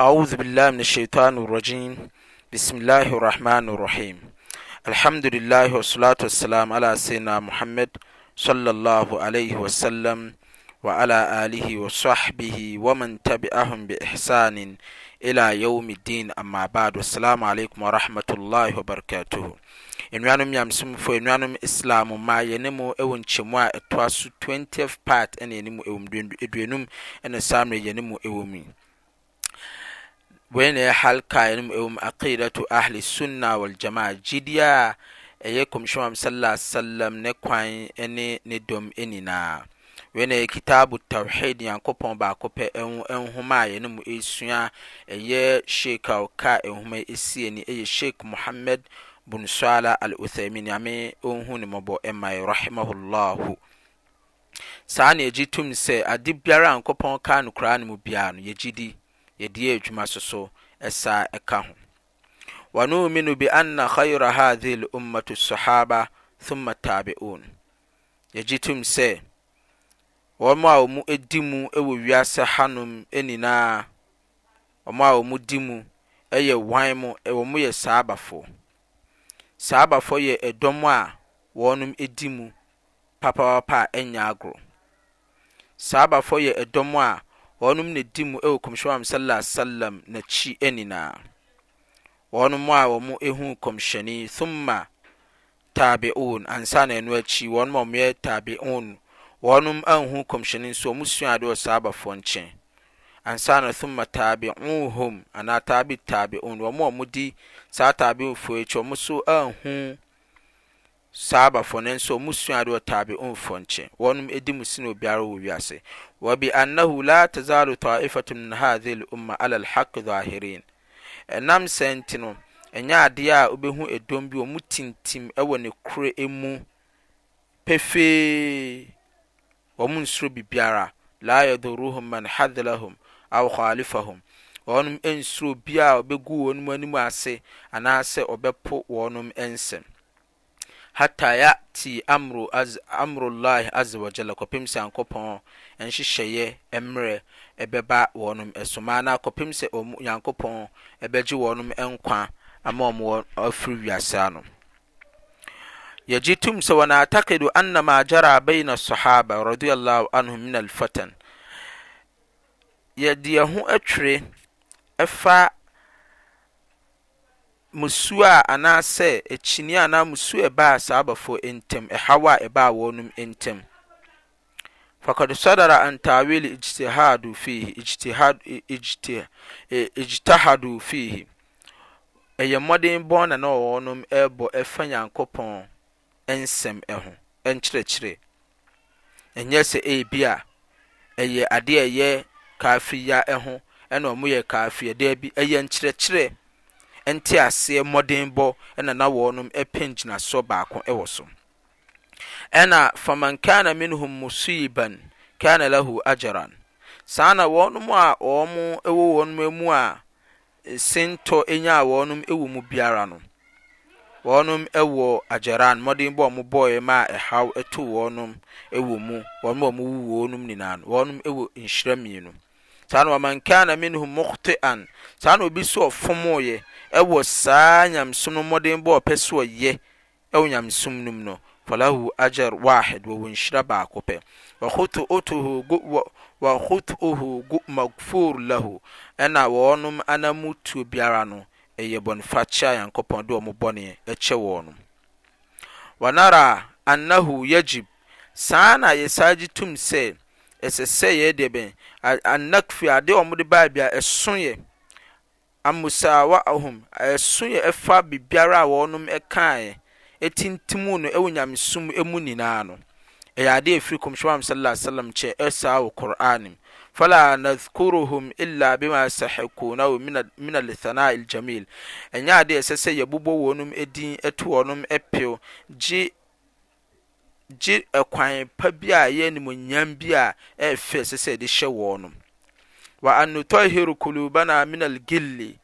أعوذ بالله من الشيطان الرجيم بسم الله الرحمن الرحيم الحمد لله والصلاة والسلام على سيدنا محمد صلى الله عليه وسلم وعلى آله وصحبه ومن تبعهم بإحسان إلى يوم الدين أما بعد والسلام عليكم ورحمة الله وبركاته nnuanom nyamsomfo nnuanom islam ma yɛne mu ɛwɔ nkyɛmu a ɛtoa so 20th part إن ينمو إون دوينم إن duonum ينمو saa wei na ɛyɛ halka nom ɛwɔ mu aqidatu ahli sunna wal jamaa jidiya a ɛyɛ kɔmhyɛn am sallallahu alaihi wasallam ne kwan ne ne dɔm nyinaa na ɛyɛ kitabu tawhid yankɔpɔn baako pɛ nhoma a yɛn mu esua ɛyɛ sheik a ɔka nhoma esie ni eye sheik muhammed bin sala al uthaymin nyame ohun ne mabo e mai rahimahullah saa na yɛgye tum sɛ ade biara a nkɔpɔn ka no koraa no mu bia no yɛgye di yɛde yɛ adwuma soso ɛsa ɛka ho wnuminu beanna ira hae lummat ssɔhaba thumma tabion yɛgye tom sɛ wɔm a wɔ mu di mu wɔ wiasɛ hanom ninaa ɔm a wɔ mdi mu yɛ wan m ɔ myɛ saabafoɔ saabafoɔ yɛ ɛdɔmɔ a wɔnom di mu papaapa a ɛya agorɔ saabafoɔ yɛ ɛdɔmɔ a wɔnom na di mu wɔ kɔmhyɛn am sallallahu alaihi wasallam n'akyi nyinaa wɔnom a wɔn ehu kɔmhyɛni thumma taabi'un ansa na ɛno akyi wɔnom a wɔyɛ taabi'un wɔnom anhu kɔmhyɛni nso wɔn sua adeɛ wɔ abafoɔ nkyɛn ansa na thumma taabi'uhum anaa taabi on wɔn a wɔdi saa taabi'ufoɔ akyi wɔn nso anhu sahabafo ne nso mu sua de ɔtaabe ɔmfɔ nkyɛn wɔnom edi mu sin obiara wɔ wiase wɔbi annahu la tazalu ta'ifatu min hadhihi al-umma ala al-haqq zahirin ɛnam sɛn ti no ɛnyɛ adeɛ a wobɛhu ɛdɔm bi ɔmo tintim ɛwɔ ne kure emu pefee wɔmo nsoro bibiara la yaduruhum man hadhalahum aw khalifahum wɔnom nsoro bi a ɔbɛgu wɔnom anim ase anaasɛ ɔbɛpo wɔnom nsɛm Hata ya ti amru az amrullahi az wa jalla kɔpem sɛ nyankopɔn nhyehyɛeɛ mmerɛ ɛbɛba wɔnom ɛsoma na kɔpem sɛ ɔmo nyankopɔn ɛbɛgye wɔnom nkwa ama ɔmo afiri wiase ano yɛgye tum wana wɔnaatakedo anna ma jara baina sahaba radiallahu anhum min alfatan yɛde hu atwere efa musuo a anaasɛ kyinni anaa musuo ɛba saa bɔfo ntam ɛhaw a ɛba wɔnom ntam fa coto sadara antawele ithijtahado fiehi ɛyɛ mmɔden bɔnana wɔwɔnom ɛbɔ ɛfa nyankopɔn ɛnsɛm ho nkyerɛkyerɛ ɛnyɛ sɛ ebi a ɛyɛ ade yɛ ka fiya ho ɛna ɔmo yɛ kal fia daabi ɛyɛ nkyerɛkyerɛ nte aseɛ mmɔdenbɔ na e na wɔnom pɛ ngyinasoɔ baako e wɔ so ɛna faman kana minhum musiban kana lahu agyaran saa na wɔn a wɔn wɔ wɔn mu a e sentɔ a wɔn wɔ mu biara no wɔn wɔ agyaran mmɔden bɔ a wɔbɔɔɛ ma a ɛhaw to wɔn wɔ mu wɔn a wɔwu wɔnom nyinaa no wɔnom wɔ nhyira mmienu awman kana minhu moktean saa na obi so ɔfomoyɛ ɛwɔ saa nyamsom no mɔden bɔɔpɛ soyɛ ɔ nyamsom nom nofah agr d wɔ nhyira baako pɛ waotoho makfur laho ɛna wɔɔnom anamutuo biara no ɛyɛ bɔnefacia nyankopɔn de mobɔne kyɛ wɔ nom nara annaho yagib saa na yɛ saagye tom sɛ ɛsɛ sɛ yɛ deɛ bɛn anakfi adeɛ ɔ mo de babi a ɛso ɛ amusawaahum ɛso ɛ ɛfa biribiara a wɔnom kaɛ tintimu no wɔ nyamesum mu nyinaa no ɛyɛ adeɛ afiri kɔmswom m sal salam nkyɛn ɛsaa wo qɔr'ani mu fa la nathkuruhum ila bi ma sɛhekonaho min althanae aljamil ɛnya adeɛ ɛsɛ sɛ yɛbobɔ wɔ nom din to wɔ nom peo gye eh, kwan pa bi a ɛyɛ animuonyam bi a ɛfɛ sɛ sɛ de hyɛ wɔn no wa anutɔhero kolubana minal gilli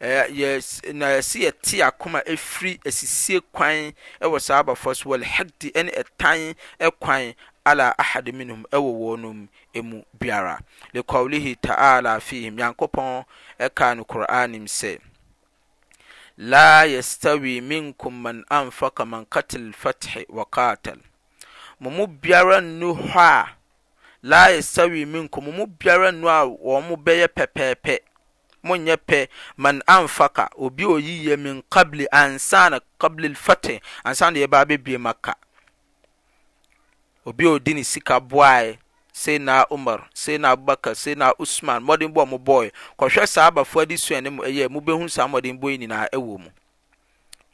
ɛɛ na yɛsi yɛte akoma efiri esisie kwan ɛwɔ saa abafo so wɔl hɛgdi ɛne ɛtan ɛkwan ala ahadi minum ɛwɔ wɔn mu biara lekɔlihi ta'ala fihim yankɔpɔn ɛka no kur'anim sɛ. لا minkum man anfaka man katil fatihi wa وقاتل mo mu biara nnu hɔ a la yasawi minkum mo mu biara nnu a wɔn mo bɛyɛ pɛpɛɛpɛ mo nyɛ pɛ man anfaka obi oyi yɛ min kabli ansana kabli fate ansana yɛ ba abɛbie maka obi odi ne sika boae sei na umar sei na abubakar sei na usman mmɔden bɔ a mo bɔɔɛ kɔhwɛ saa abafo adi sua ne mu ɛyɛ mo bɛhu saa mmɔden bɔ yi nyinaa ɛwɔ mu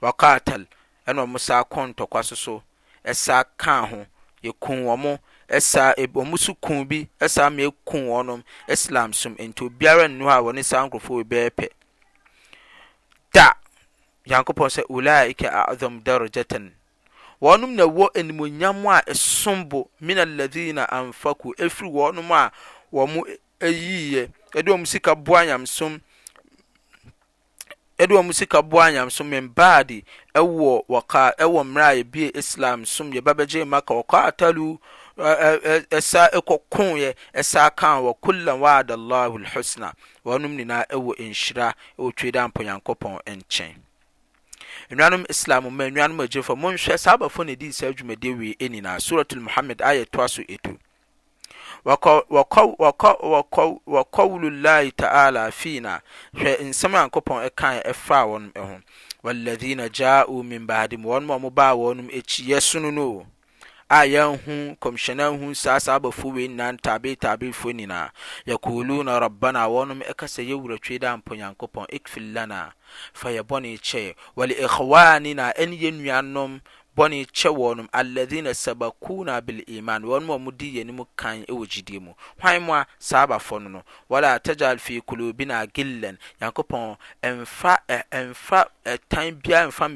wakaatal ɛna ɔmo saa kɔn ntɔkwa so so ɛsaa ho yɛkum wɔ mo ɛsa wɔn mo so kum bi ɛsaa ma wɔn wɔnom islam som nti obiara nnu a wɔne saa nkurɔfoɔ bɛɛ pɛ da yankopɔn sɛ ulaika a'adham darajatan wɔnom na wɔ animonyam a ɛsom bo mina alladhina anfaku ɛfiri wɔnom a wɔn ayiiɛ ɛde wɔn sika boa nyamsom ɛde wɔn sika boa nyamesom mbaade ɛwɔ wɔka ɛwɔ mmerɛ a yɛbie islam som yɛba bɛgye maka wɔkɔ atalu ɛsa e, e, e, ɛkɔko yɛ ɛsa kan wɔ kullan waada allahu alhusna wɔnom nyinaa ɛwɔ nhyira ɛwɔ twe dɛ nyankopɔn nkyɛn nnuanom islam ma nnuanom agyefɔ monhwɛ saa abafo na ɛdii saa dwumadi wei nyinaa suratul muhammad ayɛ toa so ɛtu wɔkaul lh taala fii na hwɛ nsɛm nyankopɔn ɛkae ɛfaa wɔnom ho walaina jao min badi mu wɔnom mo ba wɔnom kyi yɛ sono noo a yɛnhu komhyɛn anhu saasaa bafo wei ninaan tabe tabefo nyinaa yakuluna rbbana wɔnom ɛka sa yɛwuratwe da ampo nyankopɔn ecfir lana fa yɛbɔne kyɛɛ wa leiwani na ɛne yɛ nuanom bɔne kyɛ wɔnom alahina sabakuna biliman wɔnom mudi yɛne mu kan wɔ gidie mu hwan mua saa bafɔ no no wala tagal fii kolo bi na gilan nyankopɔn ftn biara fa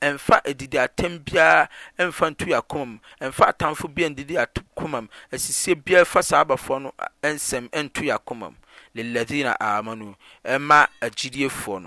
ɛtykmm f adidi at biara ftakoam fa atafbi ndidi akmm sisi bia fa saa bafoɔ no nɛ ntyakomamn manmagifn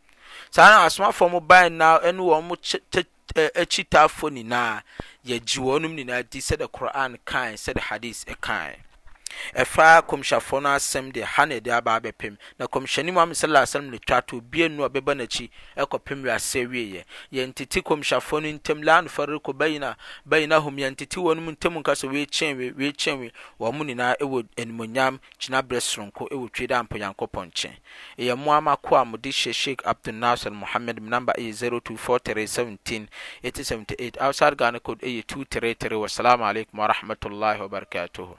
saa asomafoɔ mo baa na ɛne wɔn mo akyitaafoɔ nyinaa yɛgye wɔn nyinaa di sɛde koran kan sɛde hadis kan ɛfa kɔmhyɛfoɔ no asɛm deɛ ha na ɛde aba abɛpem na kɔmhyɛni muhammad sallallahu alaihi wasallam ne to bie nu a bɛba n'akyi ɛkɔpem wiase wieɛ yɛntete kɔmhyɛfoɔ no ntam la nfariko bayina bayina hom yɛntete wɔn mu ntam nka sɛ weekyɛn we weekyɛn we wɔ mo nyinaa ɛwɔ animonyam gyina berɛ soronko ɛwɔ twe da ampo nyankopɔn nkyɛn ɛyɛ mo ama ko a mode hyɛ sheikh abdul nasir muhammad namba ɛyɛ 024317 878 outside ghana code ɛyɛ 233 wassalamu alaikum warahmatullahi wabarakatuhu